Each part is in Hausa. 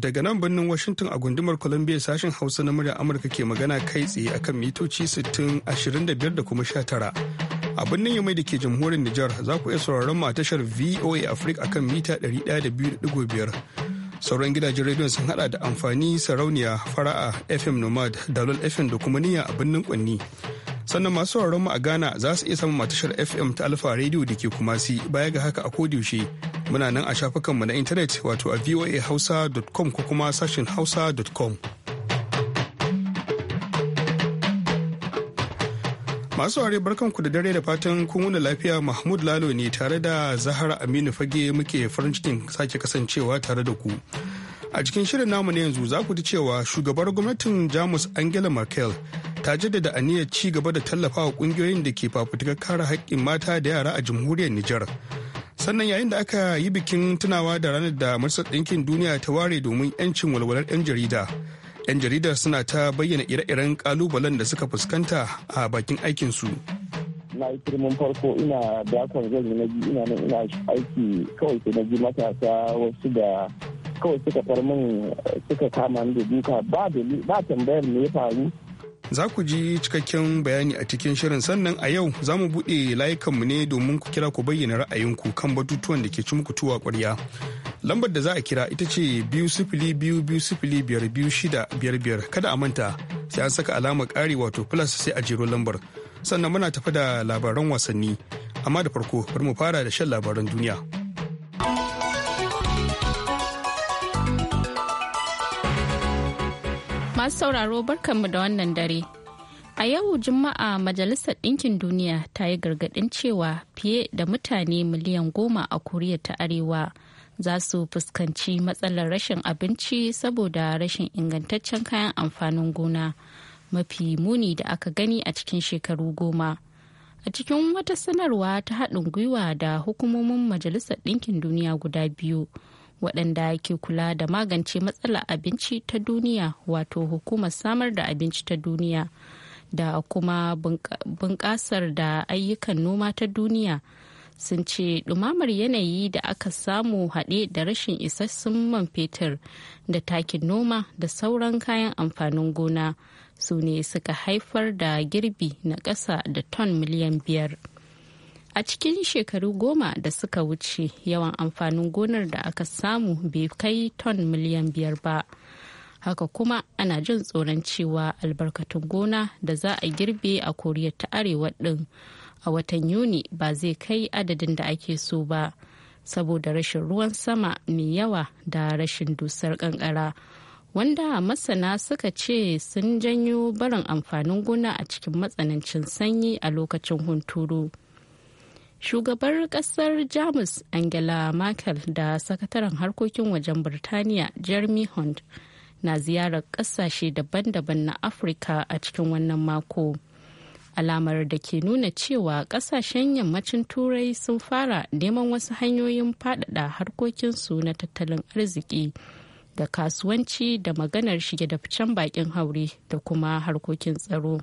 Daga nan birnin Washington a gundumar Columbia sashen Hausa na muryar Amurka ke magana kai tsaye akan mitoci 60, da kuma 19. A birnin Yamai da ke jamhuriyar Nijar za ku iya sauraron mu a tashar VOA Africa akan mita 102.5. Sauran gidajen rediyon sun hada da amfani sarauniya fara'a FM Nomad, Dalol FM da kuma niyya a birnin Kwanni. sannan masu sauraron mu a Ghana za su iya samun matashar FM ta Alfa Radio da ke Kumasi baya ga haka a kodiyaushe Muna nan a shafukanmu na intanet wato a voahausa.com ko kuma sashin hausa.com. Masu ware barkanku da dare da fatan kun lafiya Mahmud Lalo ne tare da Zahara Aminu Fage muke farin cikin sake kasancewa tare da ku. A cikin shirin namu na yanzu za ku ji cewa shugabar gwamnatin Jamus Angela Merkel ta jaddada aniyar ci gaba da tallafawa kungiyoyin da ke fafutukar kare haƙƙin mata da yara a jamhuriyar Nijar. sannan yayin da aka yi bikin tunawa da ranar da majalisar ɗinkin duniya ta ware domin 'yancin walwalar 'yan jarida 'yan jaridar suna ta bayyana ire-iren kalubalen da suka fuskanta a bakin aikinsu na yi firmin farko ina dakon zan na ji ina nan ina aiki kawai sai na ji matasa wasu da kawai suka far min suka kama da duka ba tambayar me ya faru Za ku ji cikakken bayani a cikin shirin sannan a yau za mu buɗe layukanmu ne domin ku kira ku bayyana ra'ayinku kan batutuwan da ke ci muku tuwa ƙwarya. Lambar da za a kira ita ce biyu sifili biyu biyu sifili biyar biyu shida biyar biyar kada a manta sai an saka alamar ƙari wato plus sai a jero lambar. Sannan muna tafa da labaran wasanni amma da farko bari mu fara da shan labaran duniya. Masu sauraro barkanmu da wannan dare. A yau Juma'a Majalisar Ɗinkin Duniya ta yi gargaɗin cewa fiye da mutane miliyan goma a Koriya ta Arewa za su fuskanci matsalar rashin abinci saboda rashin ingantaccen kayan amfanin gona mafi muni da aka gani a cikin shekaru goma. A cikin wata sanarwa ta haɗin gwiwa da hukumomin Majalisar Ɗinkin Duniya guda biyu. waɗanda ke kula da magance matsalar abinci ta duniya wato hukumar samar da abinci ta duniya da kuma bunƙasar da ayyukan noma ta duniya sun ce ɗumamar yanayi da aka samu haɗe da rashin isassun man fetur da takin noma da sauran kayan amfanin gona su ne suka haifar da girbi na ƙasa da ton miliyan biyar. A cikin shekaru goma da suka wuce yawan amfanin gonar da aka samu bai kai ton miliyan biyar ba. Haka kuma ana jin tsoron cewa albarkatun gona da za a girbe a koriya ta arewa din a watan Yuni ba zai kai adadin da ake so ba. Saboda rashin ruwan sama mai yawa da rashin dusar kankara. wanda masana suka ce sun janyo barin amfanin gona a cikin matsanancin sanyi a lokacin hunturu. shugabar kasar jamus angela merkel da sakataren harkokin wajen birtaniya jeremy hunt na ziyarar kasashe daban-daban na afirka a cikin wannan mako alamar da ke nuna cewa kasashen yammacin turai sun fara neman wasu hanyoyin faɗaɗa harkokinsu na tattalin arziki da kasuwanci da maganar shige da ficen bakin haure da kuma harkokin tsaro.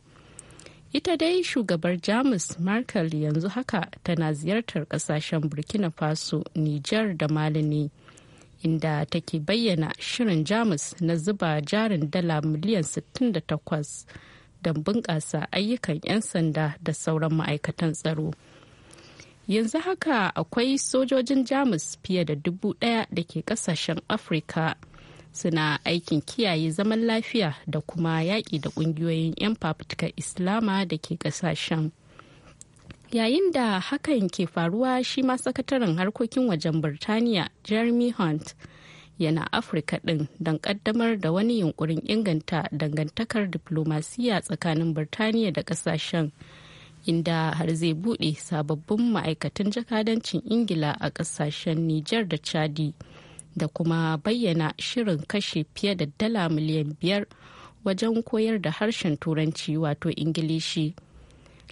ita dai shugabar jamus merkel yanzu haka tana ziyartar kasashen burkina faso niger da malini inda take bayyana shirin jamus na zuba jarin dala miliyan 68 don bunƙasa ayyukan 'yan sanda da sauran ma'aikatan tsaro yanzu haka akwai sojojin jamus fiye da dubu daya da ke kasashen afirka suna aikin kiyaye zaman lafiya da kuma yaƙi da ƙungiyoyin 'yan fafutukar islama da ke ƙasashen yayin da hakan ke faruwa shi ma sakataren harkokin wajen birtaniya jeremy hunt yana afirka ɗin don ƙaddamar da wani yunkurin inganta dangantakar diflomasiya tsakanin birtaniya da ƙasashen inda har zai buɗe sababbin ma'aikatan jakadancin ingila a ƙasashen niger da chadi. da kuma bayyana shirin kashe fiye da dala miliyan biyar wajen koyar da harshen turanci wato ingilishi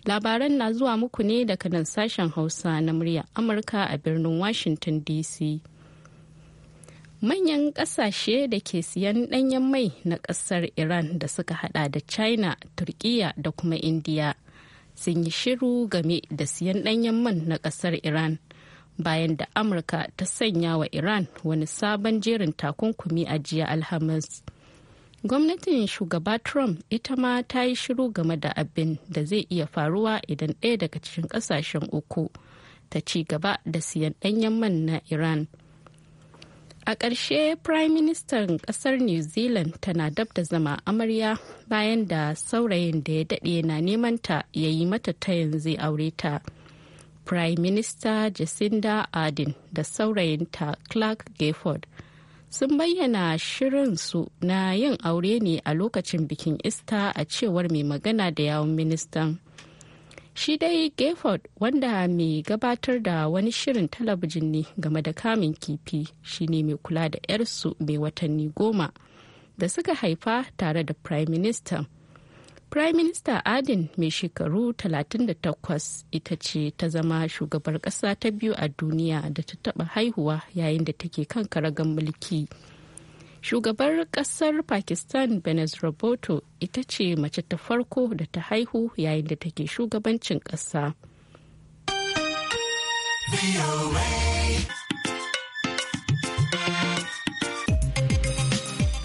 labaran na zuwa muku ne daga nan sashen hausa na murya amurka a birnin washington dc manyan kasashe da ke siyan danyen mai na kasar iran da suka hada da china turkiya da kuma india sun yi shiru game da siyan danyen man na kasar iran bayan da amurka ta sanya wa iran wani sabon jerin takunkumi a jiya alhamis gwamnatin shugaba trump ita ma ta yi shiru game da abin da zai iya faruwa idan ɗaya daga cikin ƙasashen uku ta ci gaba da siyan ɗanyen man na iran a ƙarshe prime minister ƙasar new zealand tana dab da zama amarya bayan da saurayin da ya daɗe na neman ta ya yi mata tayin zai aure ta. Prime Minister Jacinda Ardern da saurayinta Clark Gayford sun bayyana shirin su na yin aure ne a lokacin bikin Easter a cewar mai magana da yawun ministan. Shi dai Gayford wanda mai gabatar da wani shirin talabijin ne game da kamun kifi shine mai kula da 'yarsu mai watanni goma da suka haifa tare da Prime Minister. Prime Minister Adin mai shekaru 38 ita ce ta zama shugabar ƙasa ta biyu a duniya da ta taɓa haihuwa yayin da take kan karagan mulki. Shugabar ƙasar Pakistan Benaz Roboto ita ce mace ta farko da ta haihu yayin da take shugabancin ƙasa.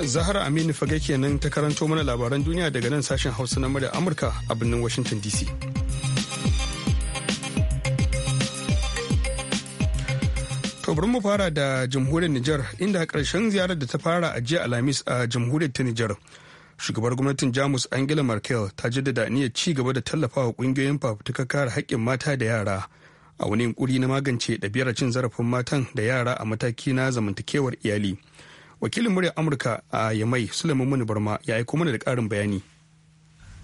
Zahra Aminu fage kenan ta karanto mana labaran duniya daga nan sashen Hausa na murya Amurka a birnin Washington DC. bari mu fara da jamhuriyar Nijar inda karshen ziyarar da ta fara a jiya Alhamis a jamhuriyar ta Nijar. Shugabar gwamnatin Jamus Angela Merkel ta jaddada aniyar ci gaba da tallafawa kungiyoyin fafutukar kare haƙƙin mata da yara a wani yunkuri na magance ɗabi'ar cin zarafin matan da yara a mataki na zamantakewar iyali. wakilin muryar amurka a yamai sulaiman muni barma ya aiko mana da karin bayani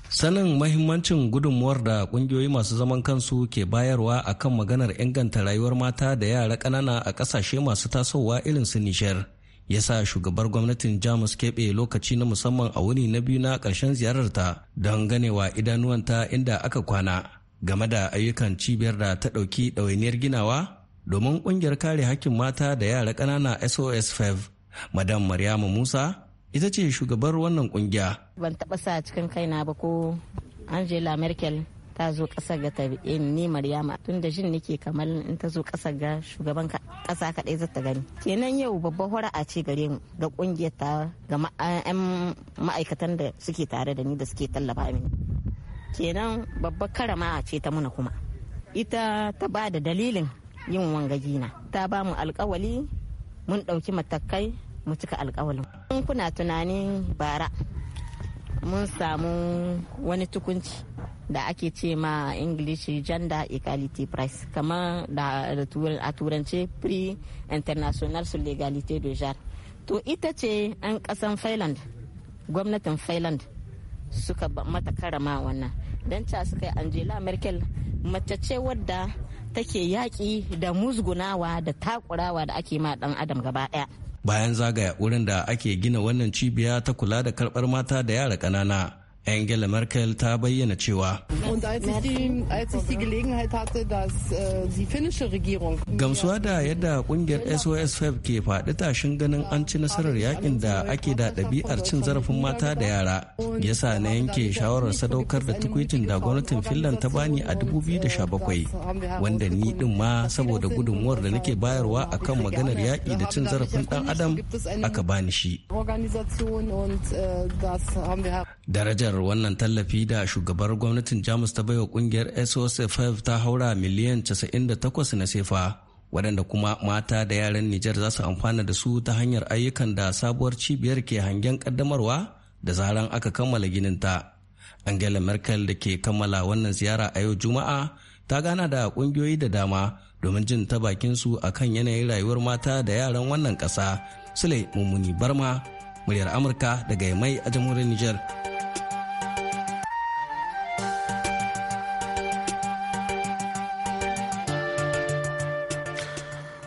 sanin mahimmancin gudunmuwar da kungiyoyi masu zaman kansu ke bayarwa a kan maganar inganta rayuwar mata da yara ƙanana a ƙasashe masu tasowa irin su nishar ya sa shugabar gwamnatin jamus keɓe lokaci na musamman a wuni na biyu na ƙarshen ziyararta don ganewa idanuwanta inda aka kwana game da ayyukan cibiyar da ta ɗauki ɗawainiyar ginawa domin ƙungiyar kare hakkin mata da yara ƙanana sos 5 madam maryamu musa ita ce shugabar wannan kungiya ban taɓa sa cikin kaina ba ko angela merkel ta zo ƙasar ga ta ni maryama tun da jin nake kamar in ta zo kasar ga shugaban kasa kaɗai za ta gani kenan yau hura a ce gare mu ga kungiyar ta ga ma'aikatan da suke tare da ni da suke tallafa mini kenan babbar karama ce ta muna kuma ita ta ba da dalilin yin wangagina ta ba mu alkawali mun ɗauki matakai mu cika alkawalin Mun kuna tunanin bara mun samu wani tukunci da ake ce ma english gender equality price kamar da a turance pre international sur l'égalité de genre to ita ce an kasan finland gwamnatin finland suka mata karama wannan don ca suka yi angela merkel mace ce wadda take yaƙi da musgunawa da takurawa da ake ma dan adam gaba ɗaya bayan zagaya wurin da ake gina wannan cibiya ta kula da karɓar mata da yara ƙanana Angela Merkel ta bayyana cewa. Äh, Gamsuwa da yadda kungiyar SOS Fab ke faɗi tashin ganin an ci nasarar yakin da ake da ɗabi'ar cin zarafin mata da yara. Yasa na yanke shawarar sadaukar da tukwitin da gwamnatin Finland ta bani a 2017 wanda ni din ma saboda gudunmuwar da nake bayarwa akan maganar yaƙi da cin zarafin ɗan adam aka bani shi. Äh, Darajar wannan tallafi da shugabar gwamnatin jamus ta baiwa kungiyar sosf ta haura miliyan 98 na sefa waɗanda kuma mata da yaran nijar za su amfana da su ta hanyar ayyukan da sabuwar cibiyar ke hangen ƙaddamarwa da zaran aka kammala ginin gininta angela merkel da ke kammala wannan ziyara a yau juma'a ta gana da ƙungiyoyi da dama domin jin ta bakin a kan yanayin rayuwar mata da yaran wannan ƙasa sule mummuni barma muryar amurka daga mai a jamhuriyar nijar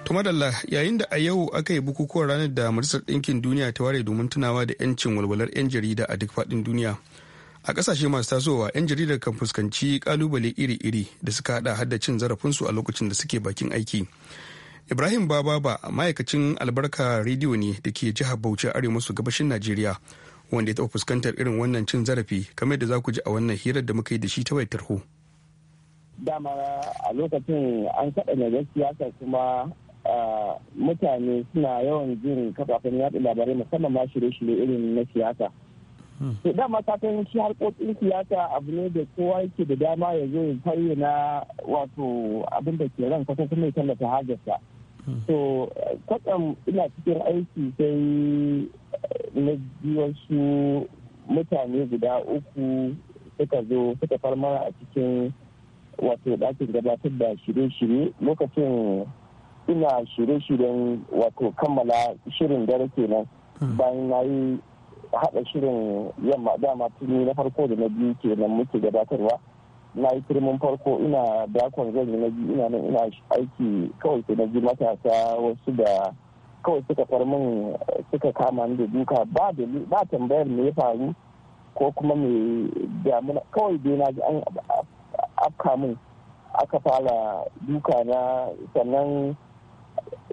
To madalla yayin da a yau aka yi bukukuwan ranar da Majalisar Ɗinkin Duniya ta ware domin tunawa da 'yancin walwalar 'yan jarida a duk faɗin duniya. A ƙasashe masu tasowa 'yan jarida kan fuskanci kalubale iri-iri da suka haɗa hadda cin zarafinsu a lokacin da suke bakin aiki. Ibrahim Bababa ma'aikacin albarka rediyo ne da ke jihar Bauchi arewa maso gabashin Najeriya wanda ya taɓa fuskantar irin wannan cin zarafi kamar yadda za ku ji a wannan hirar da muka yi da shi ta wayar tarho. Dama a lokacin an kaɗa gaskiya kuma mutane suna yawan jin kafafen yatsa labarai musamman ma shirye-shirye irin na siyasa hmm. to dama fatan shi harkokin siyasa abu ne da kowa yake da dama ya zo ya na wato abin da ke ran kwata kuma ya tallata hajarsa hmm. to kwatsam ina cikin aiki sai na ji wasu mutane guda uku suka zo suka farmara a cikin wato ɗakin gabatar da shirye-shirye lokacin ina shirye-shiryen wato kammala shirin dare kenan hmm. bayan na yi haɗa shirin yamma dama tuni na farko da na biyu kenan muke gabatarwa na yi firmin farko ina dakon zan yi na biyu ina nan ina aiki kawai sai na biyu matasa wasu da kawai suka far min suka kama ni da duka ba ba tambayar me ya faru ko kuma me damuna kawai dai na ji an afka min aka fara duka na sannan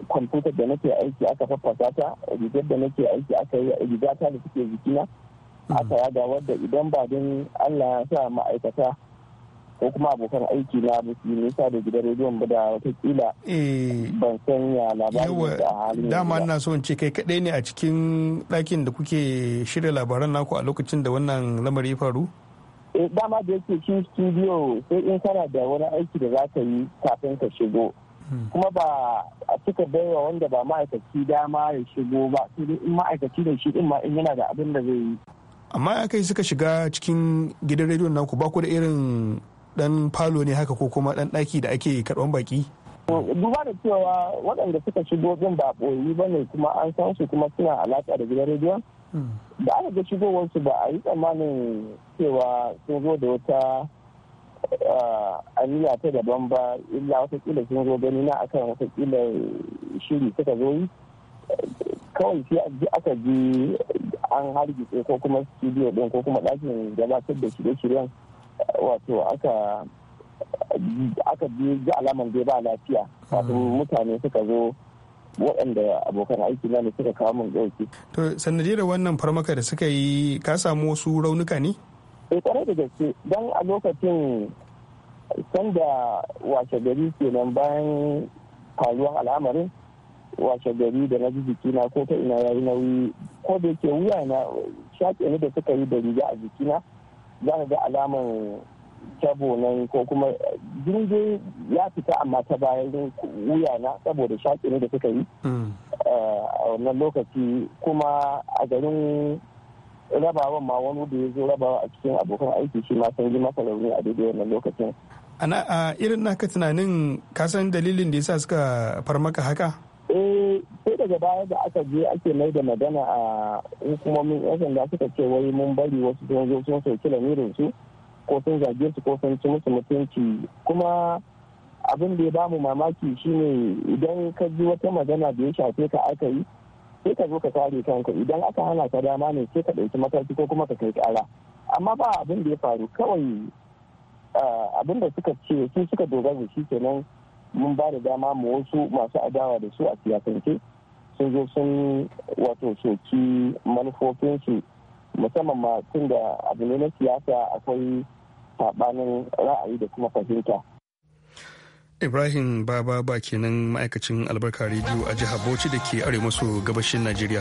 kwamfutar da nake aiki aka faffasa ta rigar da nake aiki aka yi a ta da suke jikina aka hmm. yaga wadda idan ba don allah ya sa ma'aikata ko kuma abokan aiki na ba su nisa da gidan rediyon ba da watakila eh. ban sanya labarin da halin dama ina so in ce kai kadai ne a cikin ɗakin da kuke shirya labaran naku a lokacin da wannan lamari faru eh, dama da yake cikin studio sai in kana da wani aiki da za ka yi kafin ka shigo Hmm. kuma ba a cika baiwa wanda ba ma'aikaci dama ya shigo ba su ne in ma'aikaci da shi in ma in yana da abin da zai yi amma ya kai suka shiga cikin gidan rediyon naku ba ku da irin dan falo ne haka ko kuma dan daki da ake karban baki duba da cewa waɗanda suka shigo zan ba ɓoyi ba ne kuma an san su kuma suna alaƙa da gidan rediyon da hmm. aka ga shigowarsu ba a yi tsammanin cewa sun zo da wata Ah, aniya ta daban ba illa watakila sun zo gani na akan watakila shiri suka zo yi kawai sai aka ji an hargitse ko kuma studio din ko kuma ɗakin gabatar da shirye-shiryen wato aka aka ji alamar dai ba lafiya wato hmm. mutane suka zo waɗanda abokan aiki na ne suka kawo min ɗauki. to sanadiyar wannan farmaka da suka yi ka samu wasu raunuka ne? in eh, kwarai da gaske don a lokacin sanda washe gari kenan bayan faruwar al'amarin washe gari da na jiki na ko ta ina yayi nauyi ko da yake wuya na shaƙe ni da suka yi da riga a jikina za ka ga alamar tabo nan ko kuma eh, jirgin ya fita amma ta bayan wuya na saboda shaƙe ni da suka yi mm. eh, a wannan lokaci kuma a garin rabawan ma wani da ya zo rabawa a cikin abokan aiki shi ma san ji masa rauni a daidai wannan lokacin ana a irin naka tunanin ka san dalilin da yasa suka far maka haka eh sai daga baya da aka je ake mai da magana a hukumomin yan sanda suka ce wai mun bari wasu sun zo sun sauki lamirin su ko sun zage su ko sun ci musu mutunci kuma abin da ya bamu mamaki shine idan ka ji wata magana da ya shafe ka aka yi sai ka zo ka kare kanka idan aka hana ka dama ne sai ka ɗauki mataki ko kuma ka kai ƙara amma ba abin da ya faru kawai ah, abin da suka ce su suka dogara shi kenan mun ba da dama mu wasu masu adawa da su a siyasance sun zo sun wato soki manufofinsu musamman ma tun da abu ne na siyasa akwai saɓanin ra'ayi da kuma fahimta. Ibrahim Baba ba kenan ma'aikacin albarka rediyo a jihar Bauchi da ke arewa maso gabashin Najeriya.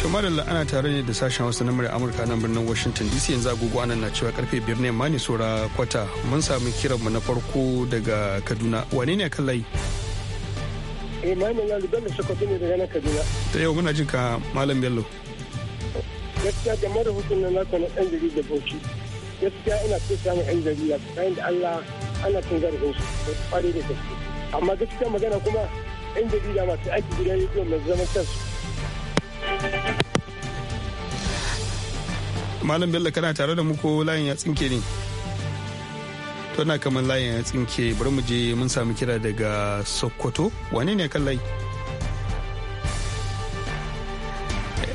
Tumar da ana tare ne da sashen Hausa na murya Amurka nan birnin Washington DC yanzu agogo anan na cewa karfe biyar ne ma ne saura kwata mun sami kiran mu na farko daga Kaduna wane ne kan layi? Eh Malam Bello Bello Sokoto ne daga Kaduna. Ta yau muna jin ka Malam Bello. Gaskiya da hutun nan na kwana ɗan jari da Bauchi. Gaskiya ina so samun ɗan jari a bayan da Allah ana cin zarafin su kwarai da gaske. Amma gaskiya magana kuma ɗan jarida masu aiki gidan rediyo mai zaman kansu malam bello kana tare da muku layin ya tsinke ne to na kamar layin ya tsinke bari mu je mun sami kira daga sokoto wane ne kan layi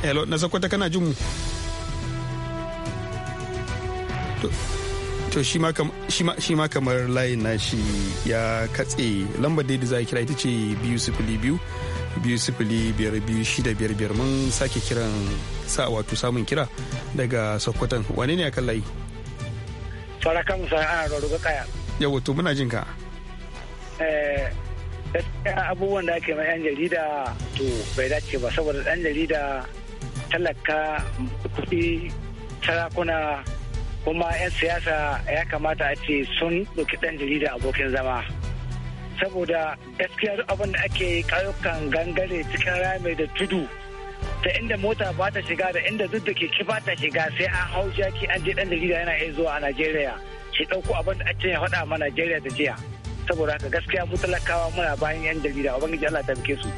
hello na sokoto kana jin mu to shi ma kamar layin na shi ya katse lambar daidai za a kira ita ce biyu sifili biyu biyu sifili biyar biyu shida biyar biyar mun sake kiran sa wato samun kira daga sokoton wane ne a kan layi a sana'a rarruga kaya yawo to muna jin ka eh, abubuwan da ake mai yan jarida to bai dace ba saboda dan jarida talaka kuɗi sarakuna kuma 'yan siyasa ya kamata a ce sun ɗauki ɗan jarida abokin zama saboda gaskiya abin da ake kayukan gangare cikin rami da tudu ta inda mota ba ta shiga da inda duk da keke ba ta shiga sai an hau jaki an je dan jarida yana iya zuwa a najeriya shi ɗauko abin da ake faɗa ma najeriya da jiya saboda haka gaskiya mu talakawa muna bayan yan jarida ubangiji allah ta su.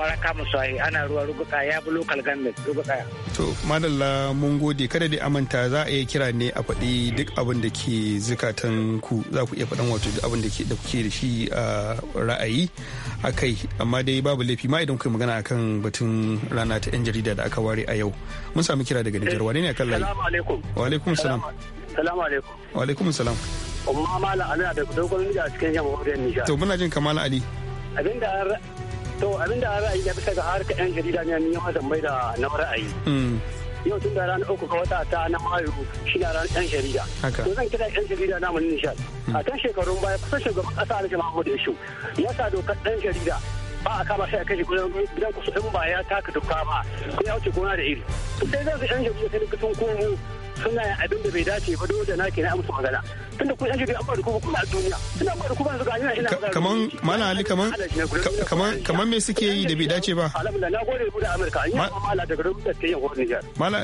fara kama su sahi ana ruwa rubuka ya bi lokal government rubuka to madalla mun gode kada da amanta za a yi kira ne a faɗi duk abin da ke zukatan ku za ku iya faɗan wato duk abin da ke da kuke da shi a ra'ayi a kai amma dai babu laifi ma idan kai magana akan batun rana ta yan jarida da aka ware a yau mun sami kira daga Nijar wane ne akan layi wa alaikum salam salamu alaikum wa alaikum salam umma malam ali da dogon a cikin jamhuriyar Nijar to muna jin kamala ali abinda to abin da ra'ayi ya bisa ga harka yan jarida ne ni yawan zambai da na ra'ayi mm. yau tun da ranar uku ga wata ta na mayu shi na ranar yan jarida to zan kira yan jarida na mun nishad mm. a kan shekarun baya kusan shugaban kasa alhaji mahmudu yashu ya sa dokar dan jarida ba a kama sai a kashe kusan gidan kusa in ba ya taka doka ba ko ya wuce gona da iri sai zan su yan jarida kai sun komo suna abin da bai dace ba dole na ke na amsa magana tunda kun yanke an bada kuma kuma a duniya suna bada kuma su ga ina ina kaman mana ali kaman kaman kaman me suke yi da bai dace ba alhamdulillah na gode mu da amurka an yi mala daga rubuta ta yin horon niger mala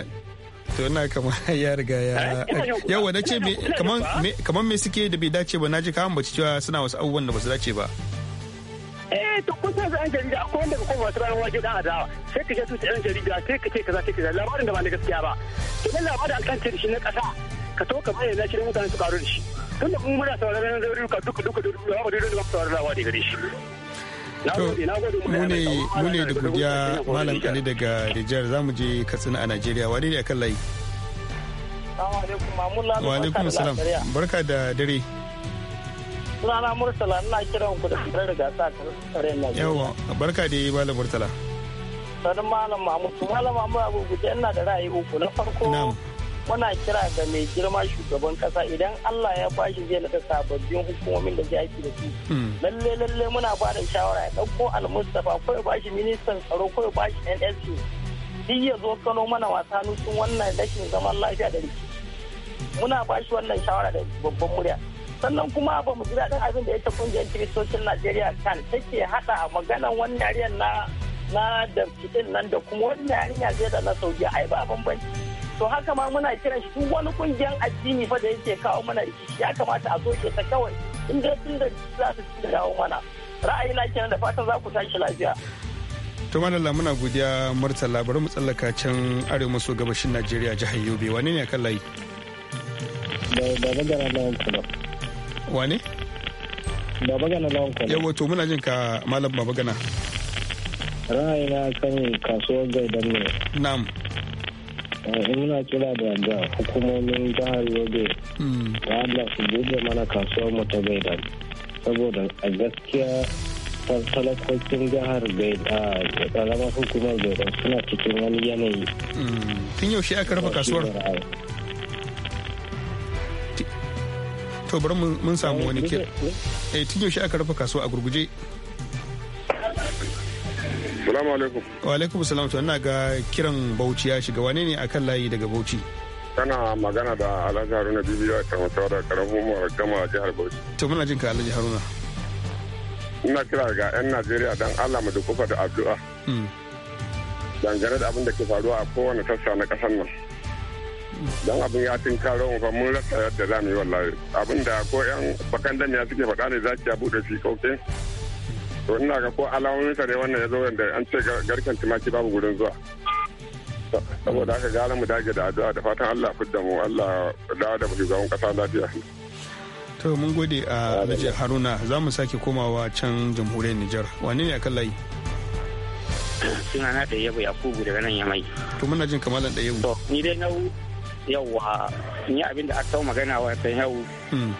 to na kama ya riga ya yawa da ce kaman me suke da bai dace ba na ji kaman bace cewa suna wasu abubuwan da ba su dace ba eh to kun san yan jarida ko wanda ka koma tsibirin waje dan adawa sai ka je tuta yan jarida sai ka ce kaza sai kaza labarin da ba na gaskiya ba to idan labarin an kance shi na kasa ka to ka bayyana shi da mutane su karu da shi tun da mun muna sauraron rarruka duka duka duka duka duka duka duka sauraron lawa da gare shi To, mu mune da godiya Malam Ali daga Nijar za mu je Katsina a Najeriya. Wane ne akan layi? Wa alaikum salam. Barka da dare. sunana murtala ina kiran ku da da gasa na barka da malam murtala Sani malam malam abu guje ina da ra'ayi uku na farko muna kira ga mai girma shugaban kasa idan Allah ya bashi zai da sababbin hukumomin da zai da su hmm. lalle lalle muna ba da shawara ya al almustafa ko ya bashi ministan tsaro ko ya bashi NSC. duk ya zo kano mana wasa nutsun wannan rashin zaman lafiya da rikici muna bashi wannan shawara da babban murya sannan kuma ba mu ji daɗin abin da ita kungiyar kiristocin najeriya kan take haɗa maganan wani yariyar na na da fitin nan da kuma wani yarinya zai da na saudiya ai ba bambanci to haka ma muna kiran shi duk wani kungiyar addini fa da yake kawo mana rikici ya kamata a soke ta kawai in dai tun da za su ci dawo mana ra'ayina kenan da fatan za ku tashi lafiya to malalla muna godiya murtala bari mu tsallaka can arewa maso gabashin najeriya jihar yobe wane ne a kan layi da da da wane babagana lawan kwale to muna jin ka malam babagana ra'ayina kan kasuwar don ne na'am eh, muna kira da ga hukumomin jihar yobe da hmm. allah su buɗe mana kasuwar mu ta gaidan saboda a gaskiya talakokin jihar ƙaramar hukumar gaidan suna cikin wani yanayi hmm. tun yaushe aka rufe kasuwar to bari mun samu eh, wani kira eh tun yaushe aka rufe kasuwa a gurguje salamu alaikum wa alaikum salam to ina ga kiran bauchi ya shiga wane ne akan layi daga bauchi kana magana da alhaji haruna bibiya a karmatawa da karamin mawar gama jihar bauchi to muna jin ka alhaji haruna ina kira ga 'yan najeriya dan allah mu dukufa da addu'a hmm. dangane da abin da ke faruwa a kowane tasha na kasar nan don abin ya tun karo ba mun rasa yadda za mu yi wallahi abin da ko yan bakan ya suke faɗa ne za ki ya buɗe shi kauke to ina ga ko alamomin sa ne wannan ya zo da an ce garken tumaki babu gurin zuwa saboda haka gara mu dage da addu'a da fatan Allah fidda mu Allah da da shugaban kasa lafiya to mun gode a Alhaji Haruna za mu sake komawa can jamhuriyar Nijar wane ne akan layi suna na ɗaya yabo yakubu daga nan yamai to muna jin kamalan ɗaya yabo ni dai na yauwa in yi abin da aka magana wata yau hmm.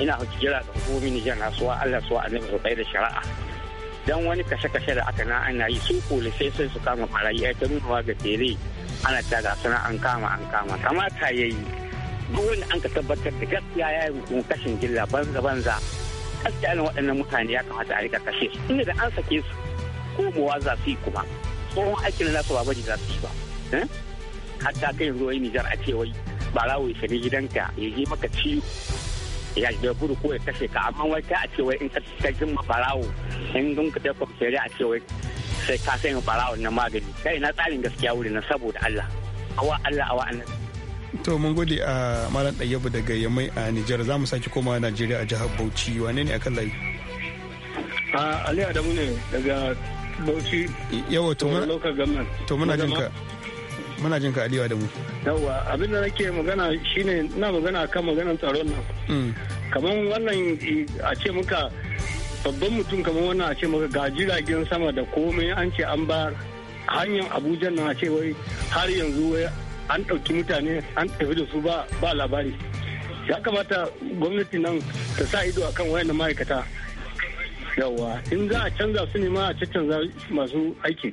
ina jira da hukumomi Nijar na suwa Allah suwa annabi su da shari'a dan wani kashe-kashe da aka na ana yi su kula sai su kama barayi ya ta nunawa ga fere ana ta ga suna an kama an kama kamata ya yi duk wani an ka tabbatar da gaskiya ya yi kashin gilla banza-banza gaskiya ne waɗannan mutane ya kamata a rika kashe su inda da an sake su komowa za su yi kuma tsohon aikin na su ba baji za su yi ba eh? hatta kai yanzu yi Nijar a ce wai barawo ya shiga gidanka ya yi maka ci ya yi gudu ko ya kashe ka amma wai ta a ce wai in ka jin ma barawo in dun ka tafi shari'a a ce wai sai ka sanya barawo na magani kai na tsarin gaskiya wuri na saboda Allah awa Allah awa annabi to mun gode a malam ɗayyabu daga yamai a Nijar za mu koma a Najeriya a jihar Bauchi wane ne akan layi a Ali Adamu ne daga Bauchi yawa to muna to muna jinka muna jin ka aliyu da mu yawa abin da nake magana shine na magana kan maganar tsaron nan mm. kamar wannan a ce muka babban mutum kamar wannan a ce maka ga jiragen sama da komai an ce an ba hanyar abuja nan a ce wai har yanzu wai an ɗauki mutane an tafi da su ba labari ya kamata gwamnati nan ta sa ido a kan wayannan ma'aikata yawa in za a canza su ne ma a canza masu aiki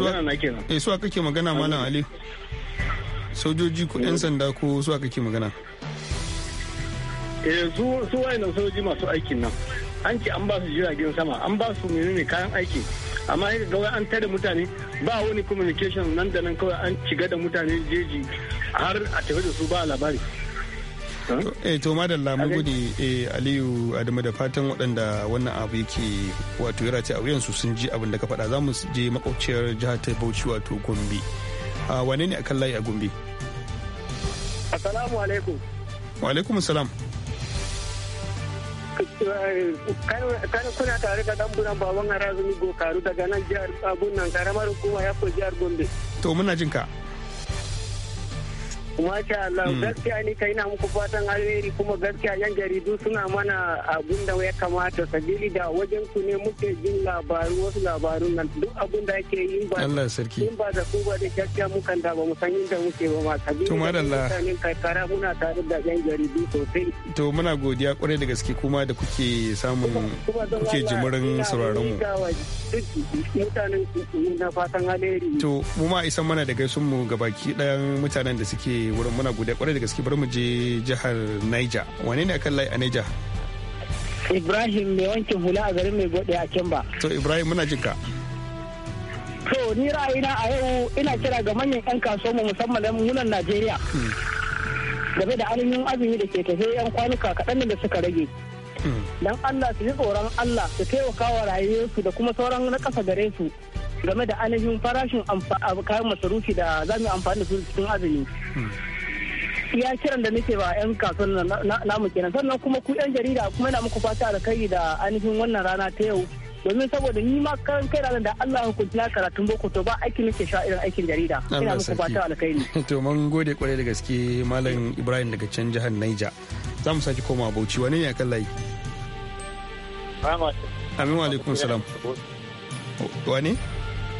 magana na kenan eh suwa kake magana malam ali sojoji ko yan sanda ko suwa kake magana eh su su sojoji masu aikin nan an ce an ba su jiragen sama an ba su menene kayan aiki amma sai ga an tare mutane ba wani communication nan da nan kawai an shiga da mutane jeji har a tafi da su ba labari eh to madalla mun gode eh Aliyu Adamu da fatan waɗanda wannan abu yake wato yara ce a wuyan su sun ji abin da ka faɗa zamu je makauciyar jihar ta Bauchi wato Gombe a ah, wane ne akan layi a Gombe Assalamu alaikum Wa alaikum salam kan kuna tare da buran baban Arazumi Gokaru daga nan jihar abun nan karamar hukuma ya jihar Gombe To muna jinka. ka. Masha Allah hmm. gaskiya ni kai na muku fatan alheri kuma gaskiya yan jaridu suna mana abun da ya kamata sabili da wajen ku ne muke jin labaru wasu labarun nan duk abun da ake yi ba Allah sarki in ba da ku ba da gaskiya mukan da ba mu san inda muke ba ma sabili to madalla kai kara muna tare da yan jaridu sosai to muna godiya kwarai da gaske kuma da kuke samun kuke jimurin sauraron mu mutanen na fatan alheri to mu ma isan mana da gaisun mu gabaki ɗayan mutanen da suke wurin muna godiya kwarai da gaske bari mu je jihar Niger. Wane ne akan layi a Niger? Ibrahim mai wankin hula a garin mai gode a Kemba. To Ibrahim muna jinka. To ni ra'ayina a yau ina kira ga manyan 'yan kasuwa musamman munan Najeriya. Hmm. Game da ainihin azumi da ke tafe 'yan kwanuka kaɗan da suka rage. Hmm. Dan Allah su ji tsoron Allah su taimaka wa rayuwarsu da kuma sauran na ƙasa gare su game da ainihin farashin kayan masarufi da za mu amfani da su cikin azumi. ya kiran da nake ba 'yan kasuwan mu kenan sannan kuma ku 'yan jarida kuma yana muku fata da kai da ainihin wannan rana ta yau domin saboda ni ma kan kai ranar da Allah hukunci na karatun boko to ba aiki nake sha irin aikin jarida ina muku fata ne to mun gode kwarai da gaske malam Ibrahim daga can jihar Niger za mu saki koma Bauchi wani ne akan layi Amin wa alaikum salam wani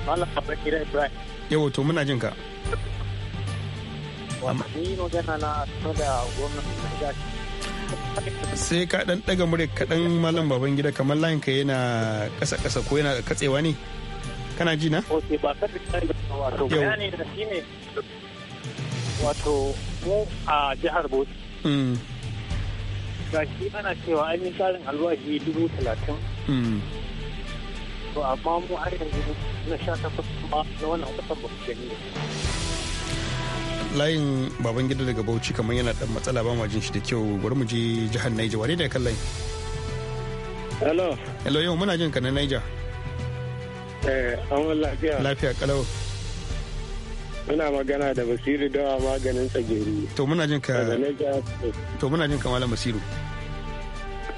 Malam Abubakar Ibrahim yawo to muna jin ka Ni sai ka ɗan ɗaga murya kaɗan malam baban gida kamar layin ka yana ƙasa ƙasa ko yana katsewa ne kana ji na? ok ba ka wato bayani da shi ne wato mu a jihar bauchi mm. ga ana cewa an yi tsarin albashi dubu talatin mm. to amma mu a yanzu na sha takwas kuma na wannan kasan ba su gani layin baban gida daga bauchi kamar yana dan matsala ba ma jin shi da kyau bari mu je jihar Niger wane da kallai. hello hello yau muna jin ka na Niger eh an lafiya lafiya kalau muna magana da basiru da maganin tsageri to muna jin ka to muna jin ka malam basiru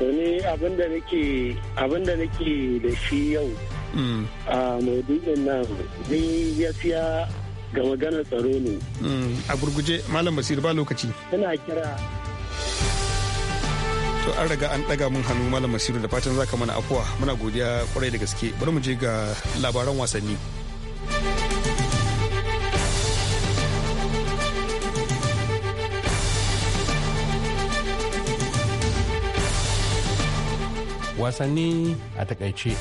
to ni abinda nake abinda nake da shi yau mm. a maudu'in nan ni gaskiya ga maganar tsaro ne. Hmm, a gurguje Malam Basiru ba lokaci. tana kira To an raga an ɗaga mun hannu Malam Basiru da fatan zaka mana afuwa muna godiya kwarai da gaske bari mu je ga labaran wasanni. wasanni a takaice.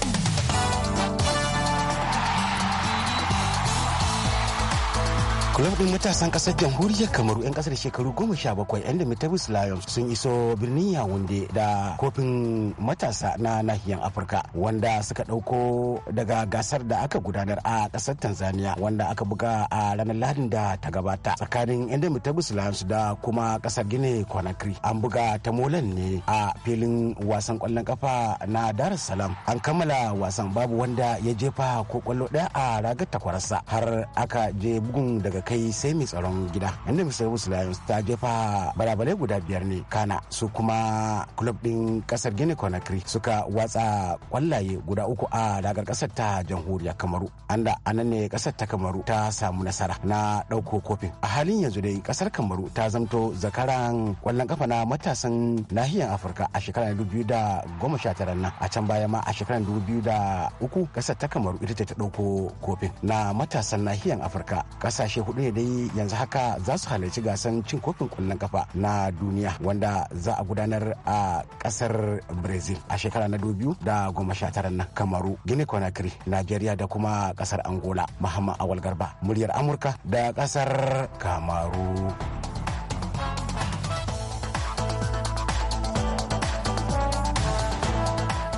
Club matasan kasar jamhuriyar Kamaru 'yan kasar shekaru goma sha bakwai 'yan Limitables Lions sun iso birnin Yawunde da kofin matasa na nahiyar Afirka wanda suka ɗauko daga gasar da aka gudanar a kasar Tanzania wanda aka buga a ranar Lahadin da ta gabata tsakanin 'yan Limitables Lions da kuma kasar Gine Conakry. An buga ta molan ne a filin wasan ƙwallon kafa na Dar es Salaam. An kammala wasan babu wanda ya jefa ko kwallo ɗaya a ragar takwarsa har aka je bugun daga kai kai sai mai tsaron gida inda mr lions ta jefa balabalai guda biyar ne kana su kuma club din kasar guinea conakry suka watsa kwallaye guda uku a dagar kasar ta jamhuriya kamaru anda anan ne kasar ta kamaru ta samu nasara na dauko kofin a halin yanzu dai kasar kamaru ta zamto zakaran kwallon kafa na matasan nahiyar afirka a shekarar tara nan a can baya ma a shekarar uku kasar ta kamaru ita ce ta dauko kofin na matasan nahiyar afirka kasashe kuɗi dai yanzu haka za su halarci gasan cin kofin kwallon kafa na duniya wanda za a gudanar a ƙasar brazil a shekara na dubu da goma sha tara nan kamaru guinea conakry nigeria da kuma ƙasar angola muhammad awal garba muryar amurka da ƙasar kamaru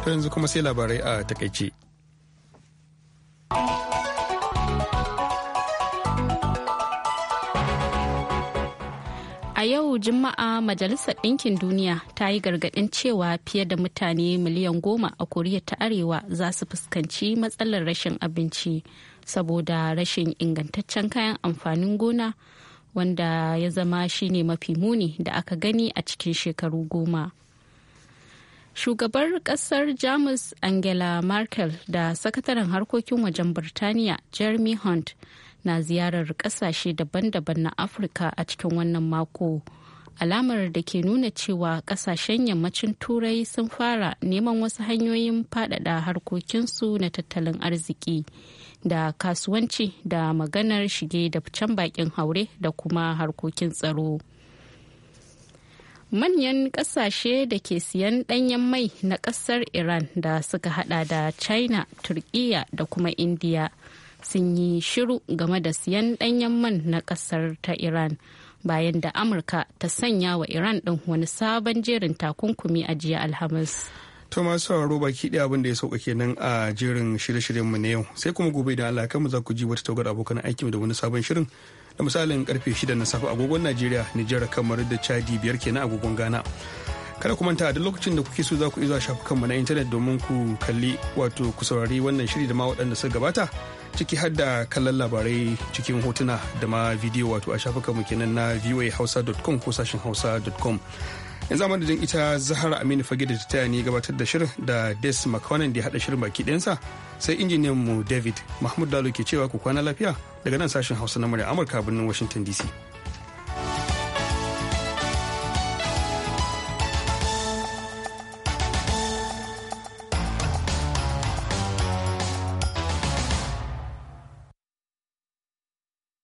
yanzu kuma sai labarai a takaice. A yau Juma'a Majalisar Ɗinkin Duniya ta yi gargaɗin cewa fiye da mutane miliyan goma a Koriya ta Arewa za su fuskanci matsalar rashin abinci saboda rashin ingantaccen kayan amfanin gona wanda ya zama shine mafi muni da aka gani a cikin shekaru goma. Shugabar ƙasar Jamus Angela Merkel da sakataren harkokin wajen Birtaniya Jeremy Hunt na ziyarar kasashe daban-daban na afirka a cikin wannan mako alamar da ke nuna cewa kasashen yammacin turai sun fara neman wasu hanyoyin faɗaɗa harkokinsu na tattalin arziki da kasuwanci da maganar shige da can bakin haure da kuma harkokin tsaro manyan kasashe da ke siyan ɗanyen mai na ƙasar iran da suka hada da china turkiya da kuma indiya sun yi shiru game da siyan danyen man na kasar ta iran bayan da amurka ta sanya wa iran din wani sabon jerin takunkumi a jiya alhamis to masu sauraro baki ɗaya abin ya sauka kenan a jerin shirye-shiryen mu na yau sai kuma gobe idan Allah mu za ku ji wata taugar abokan aiki da wani sabon shirin da misalin karfe 6 na safe agogon Najeriya Nijar kamar da Chadi biyar kenan agogon Ghana kada ku manta duk lokacin da kuke so za ku iya shafukanmu na intanet domin ku kalli wato ku saurari wannan shiri da ma waɗanda suka gabata ciki har da kallon labarai cikin hotuna da ma bidiyo wato a shafukanmu kenan na voahausa.com ko sashen hausa.com yanzu a madadin ita zahara aminu fage da ta ne gabatar da shirin da des mcconnell da ya haɗa shirin baki ɗansa sai injiniyan mu david mahmud dalo ke cewa ku kwana lafiya daga nan sashen hausa na murya amurka birnin washington dc